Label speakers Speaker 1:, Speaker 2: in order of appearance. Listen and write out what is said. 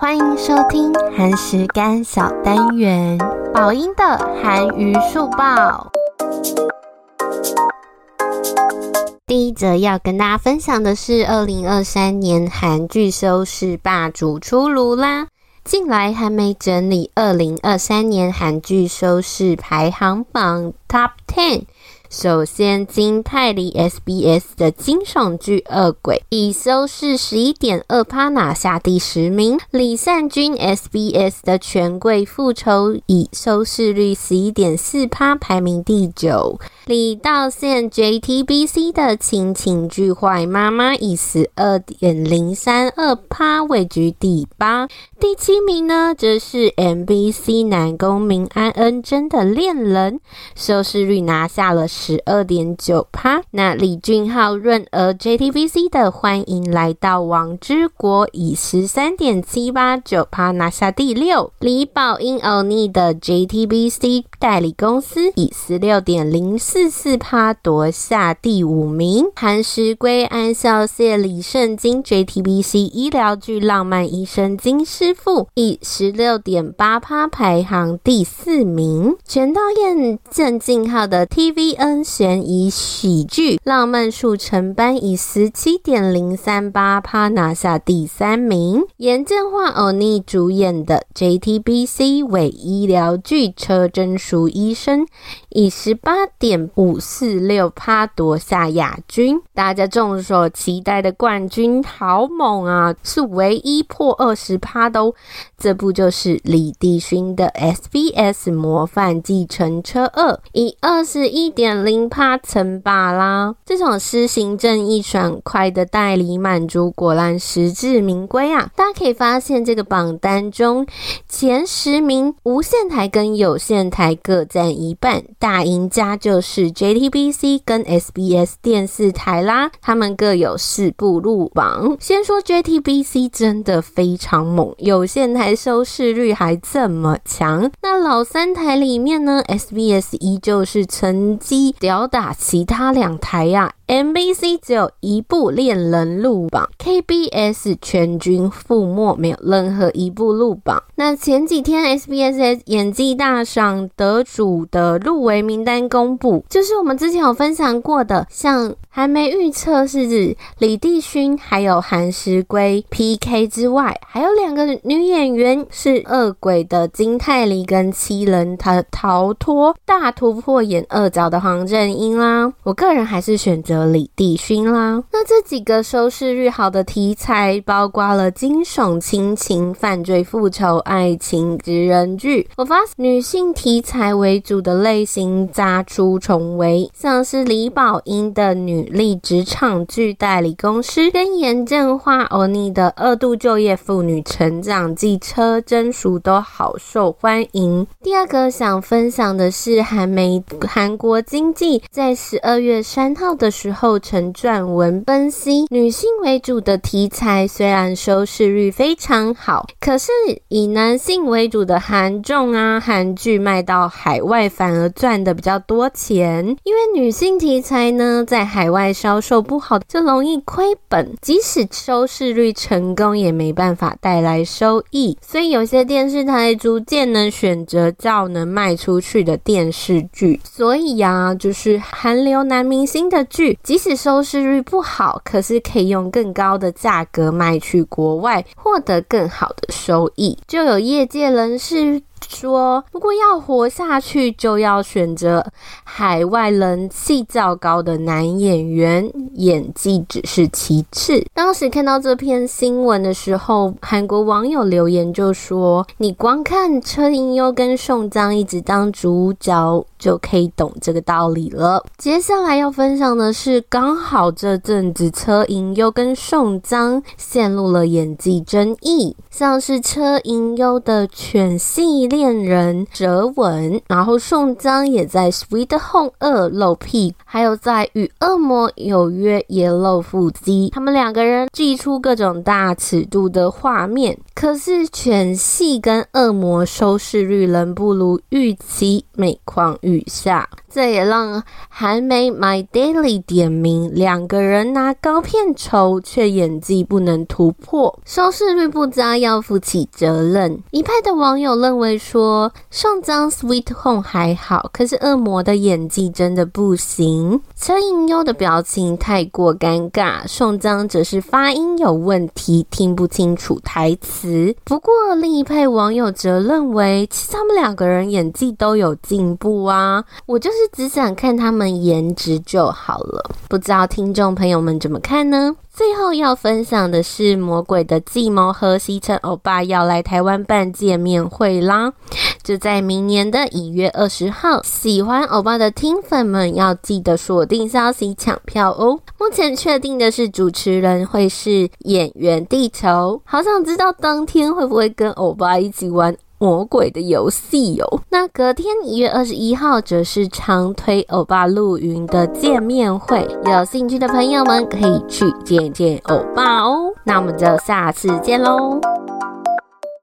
Speaker 1: 歡迎收聽韓食柑小單元寶音的韓娛速報。第一則要跟大家分享的是，二零二三年韓劇收視霸主出爐啦！近來還沒整理二零二三年韓劇收視排行榜 Top Ten。首先，金泰梨 SBS 的驚悚劇《惡鬼》以收視十一點二趴拿下第十名；李善均 SBS 的權貴復仇以收視率十一點四趴排名第九；李道憲 JTBC 的親情劇《壞媽媽》以十二點零三二趴位居第八。第七名呢，則是 MBC 南宮珉安恩真的戀人，收視率拿下了。十二點九趴，那李俊昊潤娥 JTBC 的歡迎來到王之國以，以十三點七八九趴拿下第六，李寶英歐尼的 JTBC。代理公司以十六點零四四趴奪下第五名。韓石圭安孝燮李聖經 J T B C 醫療劇《浪漫醫生金師傅》以十六點八趴排行第四名。全道嬿鄭敬淏的 T V N 懸疑喜劇《浪漫速成班以》以十七點零三八趴拿下第三名。嚴正化歐尼主演的 J T B C 偽醫療劇《車貞淑》。竹醫生以十八點五四六趴奪下亞軍，大家眾所期待的冠軍好猛啊！是唯一破二十趴的哦。這部就是李帝勳的 SBS 模範計程車二，以二十一點零趴稱霸啦。這種施行正義爽快的代理滿足，果然實至名歸啊！大家可以發現這個榜單中前十名無線台跟有線台，各占一半，大贏家就是 JTBC 跟 SBS 電視台啦，他們各有四部入榜。先說 JTBC 真的非常猛，有線台收視率還這麼強。那老三台裡面呢，SBS 依舊是成績吊打其他兩台啊。MBC 只有一部《戀人》入榜，KBS 全軍覆沒，沒有任何一部入榜。那前幾天 SBS 演技大賞的。得主的入圍名單公布，就是我們之前有分享過的，像還沒預測是指李帝勳還有韓石圭 PK 之外，還有兩個女演員是惡鬼的金泰梨跟七人逃逃脫大突破演惡角的黃正音啦。我個人還是選擇李帝勳啦。那這幾個收視率好的題材，包括了驚悚、親情、犯罪、復仇、愛情、職人劇。我發現女性題材，為主的類型扎出重圍，像是李寶英的女力職場劇《代理公司》跟嚴正花、歐尼的二度就業婦女成長劇《車貞淑》都好受歡迎。第二個想分享的是韓媒韓國經濟在十二月三號的時候，曾撰文分析，女性為主的題材雖然收視率非常好，可是以男性為主的韓眾啊韓劇賣到。海外反而賺的比較多錢，因為女性題材呢，在海外銷售不好就容易虧本，即使收視率成功也沒辦法帶來收益。所以有些電視台逐漸呢，選擇較能賣出去的電視劇。所以啊，就是韓流男明星的劇，即使收視率不好，可是可以用更高的價格賣去國外，獲得更好的收益。就有業界人士，說，如果要活下去，就要選擇海外人氣較高的男演員。演技只是其次。當時看到這篇新聞的時候，韓國網友留言就說：“你光看車銀優跟宋江一直當主角，就可以懂這個道理了。”接下來要分享的是，剛好這陣子車銀優跟宋江陷入了演技爭議，像是車銀優的犬系戀人哲文，然後宋江也在《Sweet Home》二露屁股，還有在《與惡魔有約》。也露腹肌，他們兩個人祭出各種大尺度的畫面，可是全系跟惡魔收視率仍不如預期，每況愈下。這也讓韓媒 My Daily 點名，兩個人拿高片酬卻演技不能突破，收視率不佳要負起責任。一派的網友認為說，上張 Sweet Home 還好，可是惡魔的演技真的不行，車銀優的表情太太過尷尬，宋江則是發音有問題，聽不清楚台詞。不過另一派網友則認為，其實他們兩個人演技都有進步啊！我就是只想看他們顏值就好了。不知道聽眾朋友們怎麼看呢？最後要分享的是魔鬼的計謀，河錫辰歐巴要來台灣辦見面會啦！就在明年的一月二十號，喜歡歐巴的聽粉們要記得鎖定消息搶票哦。目前確定的是主持人會是演員地球，好想知道當天會不會跟歐巴一起玩魔鬼的遊戲喲、哦。那隔天一月二十一號則是長腿歐巴路雲的見面會，有興趣的朋友們可以去見見歐巴哦。那我們就下次見嘍。